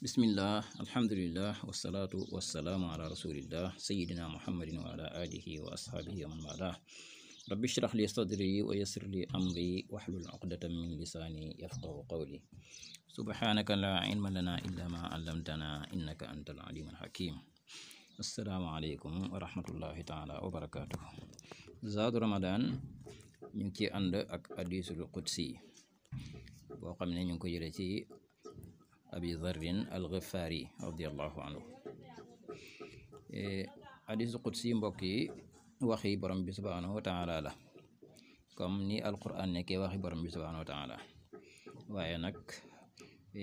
bismillah alhamdulillah wasalaatu wasalaamu ala rasulillah sayidina muhammadin ashaabihi wa man wala rabbi shrah li sadri wa amri wahlul uqdatan min lisaani yafqahu qawli subhanaka la ilma lana illa ma allamtana innaka anta al alim al hakim assalaamu taala wa abi darrin alxifaari radiallahu anhu xadiisu e, qudsi mbokk yi waxi borom bi subhaanahu wa taala la comme ni alquran nekkee waxi borom bi subhaanahu wa taala waaye nag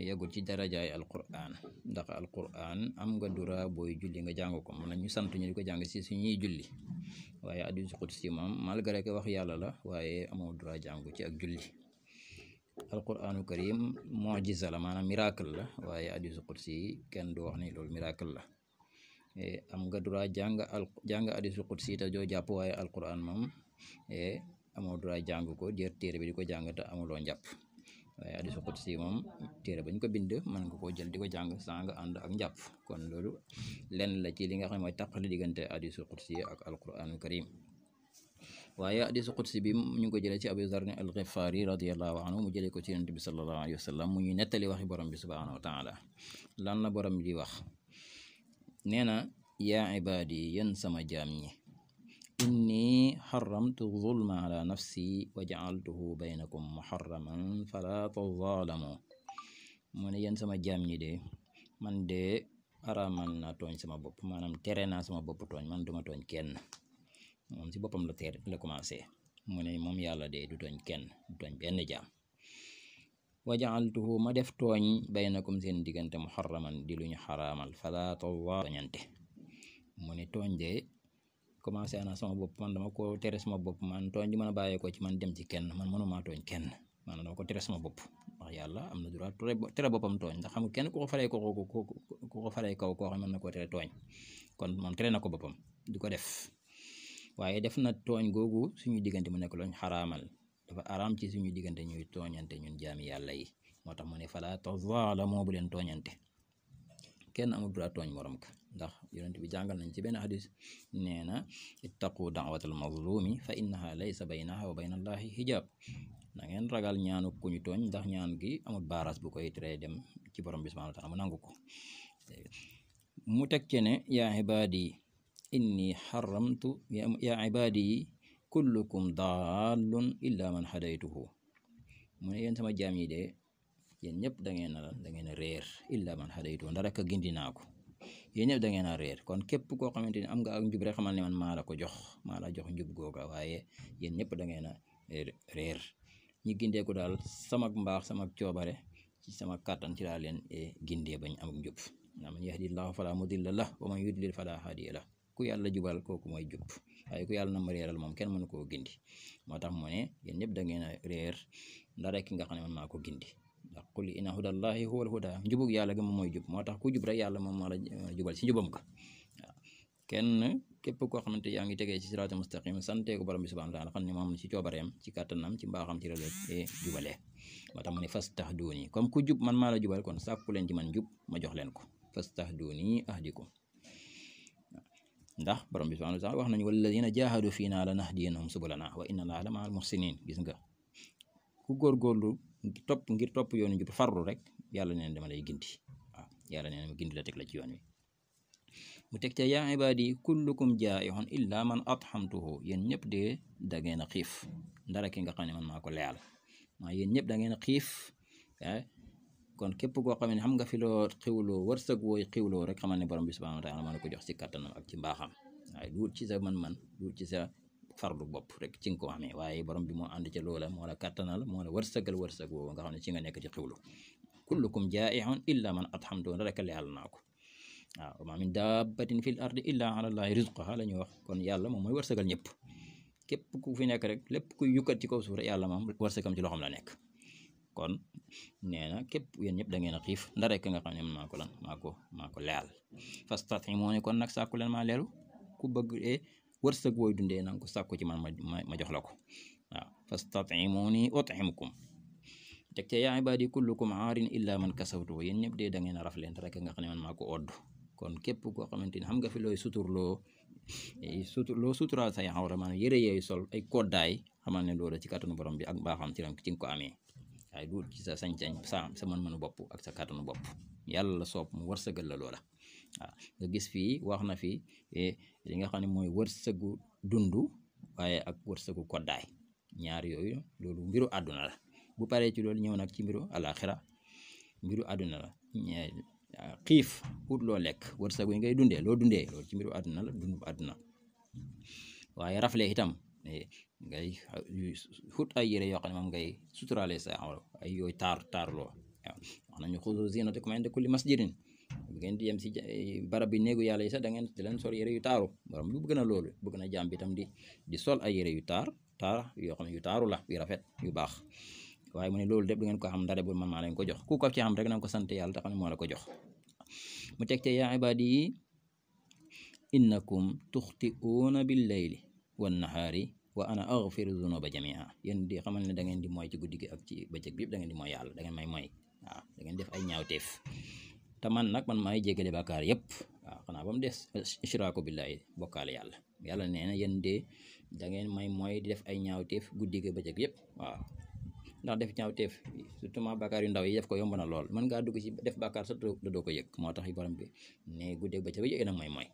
yegul ci darajaay alquran ndax alquran am nga dura booy julli nga jàng ko mën ñu sant ñu di ko jàng si suñuy julli waaye xadiisu qudsi moom malgré que wax yàlla la waaye amoo dura jàng ci ak julli alquranu karim mojisa la maanaam miracle la waaye hadisu qudsi yi kenn du wax ni loolu miracle la eh, am nga droit jàng al jàng hadisu qudsi te doo jàpp waaye alquran moom eh, amoo droit jàng ko jër téere bi di ko jàng te amuloo njàpp waaye hadisu qudsi moom téere bañ ko bind mën nga koo jël di ko jàng saa nga ànd ak njàpp kon loolu lenn la ci li nga xam ne mooy taqali diggante hadisu qudsi ak alquranu karim waaye hadiisu qudsi bi ñu ngi ko jëlee ci Abu Zarr al-Ghifari radiyallahu anhu mu jëlee ko ci yonent bi sallallahu alayhi wa sallam mu ñuy nettali waxi borom bi subhaanahu wa taala lan la borom di wax nee na yaa ibaadi yéen sama jaam ñi inni xaramtu zulma ala nafsi wa jacaltuhu baynakum muxarraman fala tazaalamu mu ne yéen sama jaam ñi de man de araamal naa tooñ sama bopp maanaam tere naa sama bopp tooñ man duma tooñ kenn moom si boppam la teer la commencé mu ne moom yàlla de du tooñ kenn du tooñ benn jaam wa jaaltuhu ma def tooñ baynakum seen diggante muharraman di lu ñu xaraamal fala tawaa tooñante mu ne tooñ de commencé ana sama bopp man dama ko tere sama bopp man tooñ di mën a bàyyee ko ci man dem ci kenn man mënumaa tooñ kenn maanaam dama ko tere sama bopp ndax yàlla am na droit tere boppam tooñ ndax xamul kenn ku ko faree ko ko ko faree koo xam mën na koo tere tooñ kon moom tere na waaye def na tooñ googu suñu diggante mu nekk looñ xaraamal dafa araam ci suñu diggante ñuy tooñante ñun jaami yàlla yi moo tax mu ne fala tazaalamu bu leen tooñante kenn amul droit tooñ morom ka ndax yonent bi jàngal nañ ci benn xadis nee na ittaqu daawatal mazlumi fa innaha laysa baynaha wa bayna allahi hijab na ngeen ragal ñaanu ku tooñ ndax ñaan gi amul baaraas bu koy tree dem ci borom bi subhanahu wa taala mu nangu ko mu teg ci ne yaa ibaadi inni xaramtu yaa ibaadi yi kullukum daallun illaa man hadaytuhu mu ne yéen sama jaam yi de yéen ñëpp da ngeen a da ngeen a réer illaa man hadaytuhu ndara ka gindi naa ko yéen ñëpp a kon képp koo xamante ni am ak njub rek xamal ne maa la ko jox maa la jox njub googa waaye yéen ñëpp da ngeen a réer ñi gindeeku daal samak mbaax samak coobare ci sama kàttan ci laa leen eh, gindee bañ am njub na man yahdillahu fala mudilla lah wa man yudlil fala hadiya lah ku yàlla jubal kooku mooy jub waaye ku yàlla na ma moom kenn mënu koo gindi moo tax mu ne yéen ñëpp da ngeen a réer ndara ki nga xam ne man gindi ndax qul inna hudallahi huwal huda njubug la jubal si njubam ko waaw kenn képp koo xamante yaa ngi tegee ci siraatu mustaqim sante ko borom bi subhanahu wa taala xam ne moom ci coobareem ci kàttanam ci mbaaxam ci rële jubalee moo tax mu ne fastahduni comme ku jub man maa la jubal kon sàkku leen ci man jub ma jox leen ko fastahduni ahdikum ndax borom bi subhanahu wa taala wax nañu walladina jahadu fii naa lanahdiyannahum subulana wa inna allaha lama al muhsinin gis nga ku góorgóorlu topp ngir topp yoonu jub farlu rek yàlla neen dama lay gindi waaw yàlla neen gindi la teg la ci yoon wi mu teg ca yaa ibaadi kullukum jaaihun illa man atxamtuhu yéen ñëpp de da ngeen a xiif ndara ki nga xam ne man maa ko leyal maa yéen ñëpp da a xiif eh? kon képp koo xam ne xam nga fi loo xiwloo wërsëg wooy xiwloo rek xamal ne borom bi subhanahu wa taala mën ko jox ci kàttanam ak ci mbaaxam waaye duut ci sa mën-mën duut ci sa farlu bopp rek ci nga ko xamee waaye borom bi moo ànd ca loola moo la kàttanal moo la wërsëgal wërsëg woowu nga xam ne ci nga nekk ci xiwlu kullukum jaa'ihun illa man at'amtuhu rek leyal naa ko waaw ma min dabbatin fil ardi illa a llahi rizquha la ñuy wax kon yàlla mo mooy wërsëgal ñëpp képp ku fi nekk rek lépp ku yukkat ci kaw suuf yàlla moom wërsëgam ci loxoom la nekk kon nee na képp yen ñëpp dangeen a xiif nda rek nga xam ne maa ko lan maa ko maa ko leyal fastathimu ni kon nag sàkku leen maa leelu ku bëgg e wërsëg wooy dundee na ko sàkku ci man ma ma jox la ko waaw fastathimu ni ut'imukum teg cee yaa ibaadi kullukum aarin illaa man kasawtu yéen ñëpp dee da ngeen a raf leen rek nga xam ne man maa ko odd kon képp koo xamante ni xam nga fi sutur eh, suturloo sut loo suturaal say xawra maanaam yëre yooyu sol ay koddaay xamal ne loolu ci nu borom bi ak mbaaxam ci la ci nga ko amee waaye duul ci sa sañ-sañ sa sa man mënu bopp ak sa kattanu bopp yàlla la soob mu sëgal la loola waaw nga gis fii wax na fi e, li nga xam ne mooy wërsëgu dund waaye ak wërsëgu koddaay ñaar yooyu loolu mbiru àdduna la bu paree ci loolu ñëw nag ci mbiru alaxira mbiru àdduna la xiif ut loo lekk wërsëgu yi ngay dundee loo dundee loolu ci mbiru àdduna la dund àdduna waaye rafle itam ngay xut ay yére yoo xam ne moom ngay suturaale sa awra ay yooyu taar taarloo waaw wax nañu xuzu zinatakum inda kulli masjidin bu ngeen di yem si eh, barab bi néegu yàlla sax da ngeen di leen sol yére yu taaru borom bi bëgg na loolu bëgg na jàmm bi itam yu taar taar yoo xam ne yu taaru la yu rafet yu baax waaye mu ne loolu lépp du ngeen ko xam ndare bu man maa leen ko jox ku ko ci xam rek na ko sant yàlla te xam ne moo la ko jox mu teg te yaa ibaadi innakum tuxti'uuna bil layli wan wa ana aghfiru dhunuba jami'a yéen di xamal ne da ngeen di mooy ci guddi gi ak ci bëccëg bi yëpp da ngeen di mooy yàlla da ngeen may mooy da ngeen def ay ñaawteef te man nag man maay jéggale bàkkaar yëpp waaw xanaa ba mu des ishraaku billahi bokkaale yàlla yàlla nee na yéen de da ngeen may mooy di def ay ñaawteef guddi gi bëccëg yëpp waaw def ñaawteef surtout ma bàkkaar yu ndaw yi def ko yomb na lool man ngaa dugg ci def bàkkaar surtout da doo ko yëg moo tax borom bi ne guddi bëccëg bi yëg nag mooy mooy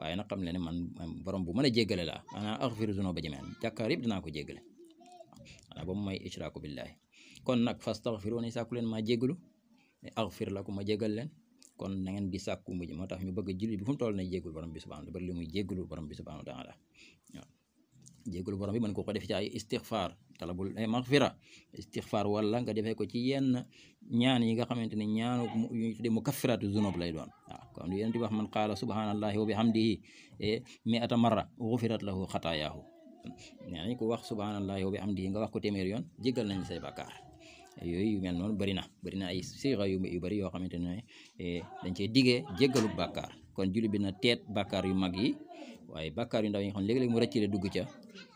waaye nag xam ne ne man borom bu man a jéggale laa maanaam axfiru ba jamiian jàkkaar yëpp dinaa ko jéggale waaw ba mu may ishraaku billaahi kon nag fastaxfiru ne sàkku leen maa jéggalu axfir la ko ma jéggal leen kon na ngeen di sàkku mujj moo tax ñu bëgg julli bi fu mu toll na jéggalu borom bi subhaanahu wa taala bari li muy jéggalu borom bi subhaanahu wa taala waaw jégalu borom bi mën ko ko def ci ay istixfaar talabul maxfira istixfaar wala nga defee ko ci yenn ñaan yi nga xamante ne ñaanu yu ñu tuddee mukaffiratu zunub lay doon kon yéen di wax man qaala subhanallahi wa bihamdihi e, mi'ata mara gufirat lahu xataayaahu nee nañ ko wax subhanallahi wa bihamdihi nga wax ko téeméer yoon jégal nañ say bàkkaar yooyu yu mel noonu bëri na bëri na ay siixa yu bëri yoo xamante ne e, dañ cee diggee jégalu bàkkaar kon julli na teet bàkkaar yu mag yi waaye bàkkaar yu ndaw yi nga xam ne léeg-léeg mu rëcc la dugg ca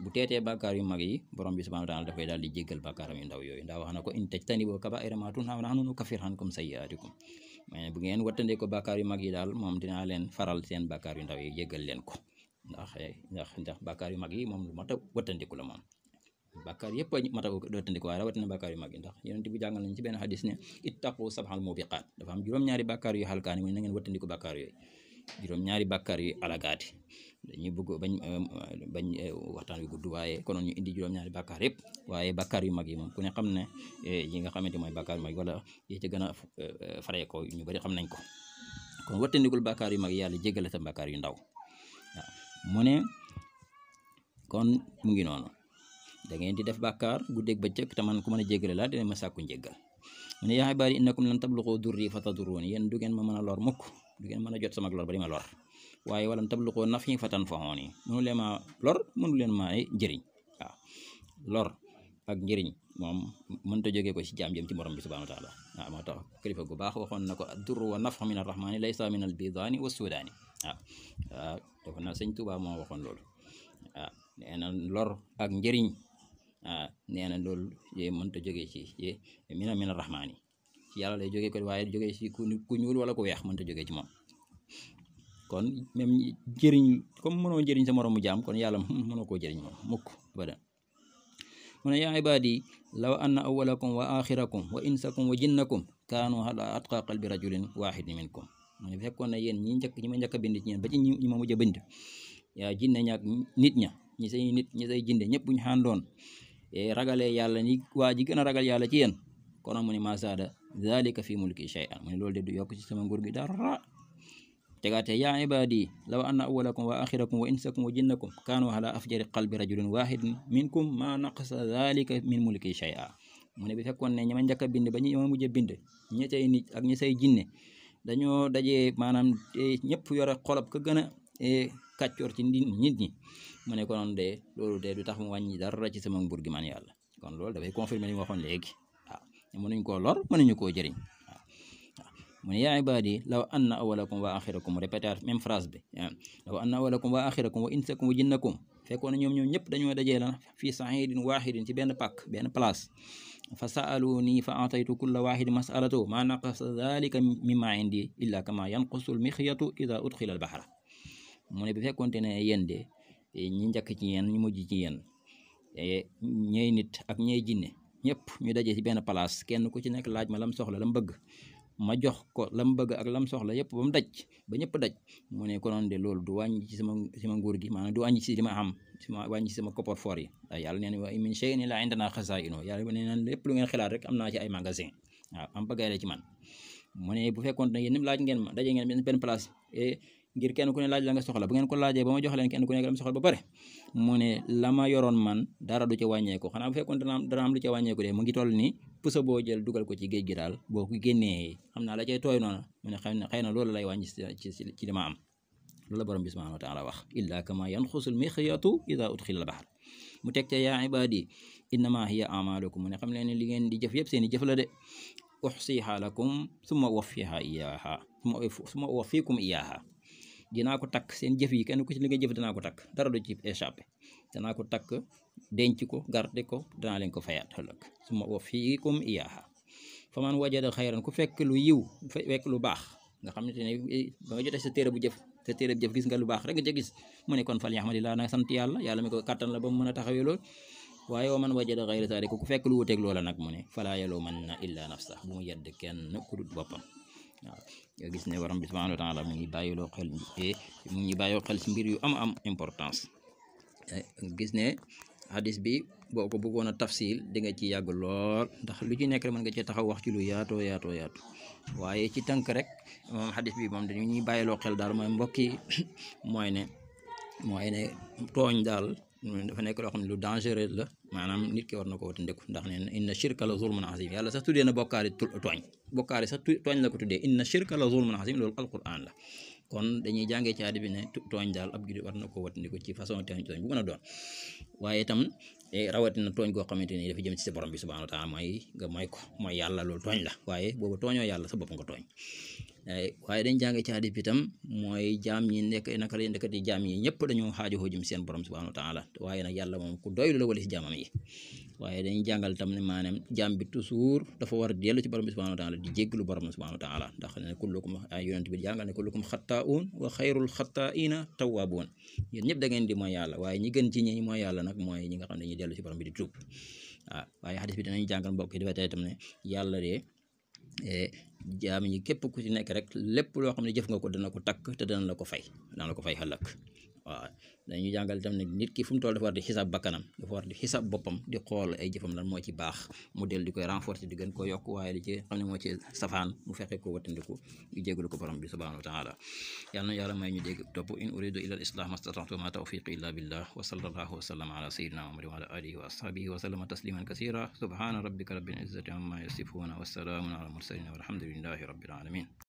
bu teetee bàkkaar yu mag yi borom bi subhanahu a taala dafay daal di jéggal bàkkaaram yu ndaw yooyu na ko in tajtanibu kabaa'ira maa tunhawna anhu nukaffir ankum sayyi'aatikum mais bu ngeen wattandee ko bàkkaar yu mag yi daal moom dinaa leen faral seen bàkkaar yu ndaw yi leen ko ndax ndax ndax bàkkaar yu mag yi moom lu mat a wattandiku la moom bàkkaar yëpp a mat a wattandiku waaye rawatina bàkkaar yu mag yi ndax yonent bi jàngal nañ ci benn xadis ne ittaqu sab'al mubiqaat dafa am juróom-ñaari bakaar yu xalkaani mu ne na ngeen wattandiku bàkkaar yooyu juróom-ñaari bàkkaar yu alagaati dañuy bëgg bañ euh, bañ euh, waxtaan wi gudd waaye konoon ñu indi juróom-ñaari bàkkaar yëpp waaye bàkkaar yu mag yi moom ku ne xam ne euh, yi nga xamante mooy bàkkaar yu mag wala yi ci gën a faree ñu bari xam nañ ko kon wattandikul bàkkaar yu mag yàlla jéggale sa bàkkaar yu ndaw waaw ne kon mu ngi noonu da ngeen di def bàkkaar guddeeg bëccëg te man ku mën a jéggale laa ma sàkku njéggal mu ne yaa ibaadi innakum lan tabluqu durri fa tadurruuni yéen du ngeen ma mën a lor mukk du ngeen mën a jot sama lor ba di ma lor waaye walam tabluqoo nafii fatan faxoon yi mënu leen maa lor mënu leen maa jëriñ waaw ak njëriñ moom mënta jógee ko ci jaam jëm ci borom bi subhanahu wa taala waaw moo tax kilifa gu baax waxoon na ko addurru wa nafxu min arrahmani laysa min albidaani wa sudaani waaw waaw defe naa sëñ Tuubaa moo waxoon loolu waaw nee ak njëriñ waaw nee na loolu yee mënta jógee ci ye mina min arrahmani ci yàlla lay jógee ko waaye jógee ci ku ñuul wala ku weex mënta jógee ci moom kon même jëriñ comme mënoo jëriñ sa moromu jaam kon yàlla mënoo koo jëriñ moom mukk abadan mu ne yaa ibaadi law anna awalakum wa axirakum wa insakum wa jinnakum kaanu ala atqa qalbi rajulin waaxidin minkum mu ne fekkoon na yéen ñi njëkk ñi ma njëkk a bind ci yéen ba ci ñi ma mujj a bind yaa jinne ñaak nit ña ñi say nit ñi say jinde ñëpp buñ xàndoon e ragalee yàlla ni waa ji gën a ragal yàlla ci yéen kon mu ne ma saada zalika fi mulki shay'an mu ne loolu de du yokk ci sama nguur gi dara tegaate yaa ibaadi law anna awalakum wa axirakum wa insakum wa jinnakum kaanu ala afjari qalbi rajulin wahidin minkum ma naqasa dalika min mulki shay'a mu ne bi fekkoon ne ñi ma njëkk a bind ba ñi ma mujj a bind ñi say ak ñi say jinne dañoo daje maanaam e, ñëpp yore xolob ka gën a e, kàccoor ci nit ñi mu ne de loolu de tax mu wàññi dara ci sama nguur gi man yàlla kon loolu dafay confirmer li nga waxoon a waaw mënuñ koo lor mënuñu ko jëriñ mu ne yaa ibaadi law anna awalakum wa axirakum répéter même phrase bi law anna awalakum wa axirakum wa insakum wa jinnakum fekkoon ñoom ñoom ñëpp dañoo dajee la fii saidin waxidin ci benn pàkk benn place fa saalu nii fa ataytu kulla waxidin masalato ma naqasa dalika mimma indi illa kama yanqusul mixiyatu ida udxila al baxra mu ne bi fekkoonte ne yéen de ñi njëkk ci yéen ñu mujj ci yéen ñey nit ak ñey jinne ñëpp ñu dajee ci benn place kenn ku ci nekk laaj ma lam soxla lam bëgg ma jox ko lam bëgg ak lam soxla yëpp ba mu daj ba ñëpp daj mu ne ko noonu loolu du wàññi ci sama sama nguur gi maanaam du wàññi ci li ma am ma wàññi ci sama koppar foor yi waaw yàlla nee na wa min shay'in illaa indanaa xazaa'inu yàlla nee na lépp lu ngeen xalaat rek am naa ci ay magasin waaw am bëggay la ci man mu bu fekkoon ne yéen laaj ngeen ma daje ngeen benn place eh, ngir kenn ku ne laaj la nga soxla bu ngeen ko laajee ba ma jox leen kenn ku nekk la mu soxla ba pare mu ne ma yoroon man dara du ca wàññeeku xanaa bu fekkoon dana am dara am lu ca wàññeeku ngi toll nii puso boo jël dugal ko ci géej gi daal boo ko génnee xam na la cay tooy noonu mu ne xëy na loolu lay wàññi ci ci li ma am loolu la borom bi subhanahu wa taala wax illa kama yanxusul mixyatu ida udxila al bahr mu teg ca yaa ibadi innama hiya amalukum mu ne xam leen ne li ngeen di jëf yëpp seen i jëf la de uxsiha lakum summa wafiha iyaha fi wafikum iyaha dinaa ko takk seen jëf yi kenn ku ci li nga jëf dinaa ko takk dara du ci échappé danaa ko takk denc ko garde ko danaa leen ko fayaat ëllëg suma wafiikum iyaaha fa man wajada xayran ku fekk lu yiw fekk lu baax nga xam ne eh, ba nga jotee sa téere bu jëf sa téere bu jëf gis nga lu baax rek nga ca gis mu ne kon fal yaxmadillah na sant yàlla yàlla mi ko kàttan la ba mu mën a taxawee lool waaye wa man wajada xayra saari ku fekk lu wuteeg loola nag mu ne falaa yaluumanna illaa nafsa bu mu yedd kenn ku dul boppam waaw yoo gis ne waram bi subhaanahu wa taala mu ngi bàyyiloo xel eh, mu ngi bàyyoo xel si mbir yu am am importance eh, gis ne xadis bi boo ko bëggoon a tafsil dinga ci yàgg lool ndax lu ci nekk rek mën nga cee taxaw wax ci lu yaatoo yaatoo yaatu waaye ci tënk rek xadis bi moom dañu ñuy bàyyiloo xel daal mooy mbokk yi mooy ne mooy ne tooñ daal dafa nekk loo xam ne lu dangereux la maanaam nit ki war na ko watandiku ndax nee na inna shirka la zulmun azim yàlla sax tuddee na bokkaari tooñ bokkaari sax tooñ la ko tuddee inna shirka la zulmun azim loolu alquran la kon dañuy jàngee ci aada ne tooñ daal ab jullit war na ko watandiku ci façon tooñ tooñ bu mën a doon waaye itam eh, rawatina tooñ goo xamante ni dafa jëm ci sa borom bi subhanahu wa taala mooy nga mooy ko mooy yàlla loolu tooñ la waaye boobu tooñoo yàlla sa bopp nga tooñ Eh, waaye dañ jànge ci hadis bi tam mooy jaam ñi nekk naka la nekk di jaam yi ñëpp dañoo xaajo jëm seen borom subhanahu wa taala waaye nag moom ku doylu la wala si jaamam yi dañ jàngal tam ne maanaam jaam bi toujours dafa war dellu ci borom bi subhanahu wa taala di jéggalu borom subhanahu wa taala ndax ne kullukum ay yonent bi jàngal ne kullukum xattaa'uun wa xayrul xataa'iina tawwaabuun yéen ñëpp da ngeen di mooy yàlla waaye ñi gën ci ñi mooy yàlla nag mooy ñi nga xam ne dañuy dellu ci borom bi di tuub waaw ah, waaye hadis bi jàngal mbokk yi dafa tey tam ne Eh, jaam ñi képp ku ci nekk rek lépp loo xam ne jëf nga ko dana ko takk te dana la ko fay dana la ko fay xalak waaw dañu jàngal tam ne nit ki fu mu toll dafa war di xisaab bakkanam dafa war di boppam di xool ay jëfam lan moo ci baax mu del di koy renforcer di gën ko yokk waaye li ci xam safaan mu fexe ko wattandiku ñu jégalu ko borom bi subhanahu wa taala yal na yàlla may ñu dégg topp in uridu ila al islah mastata'tu ma illa billah wa sallallahu wa sallama wa ala alihi wa ashabihi wa alamin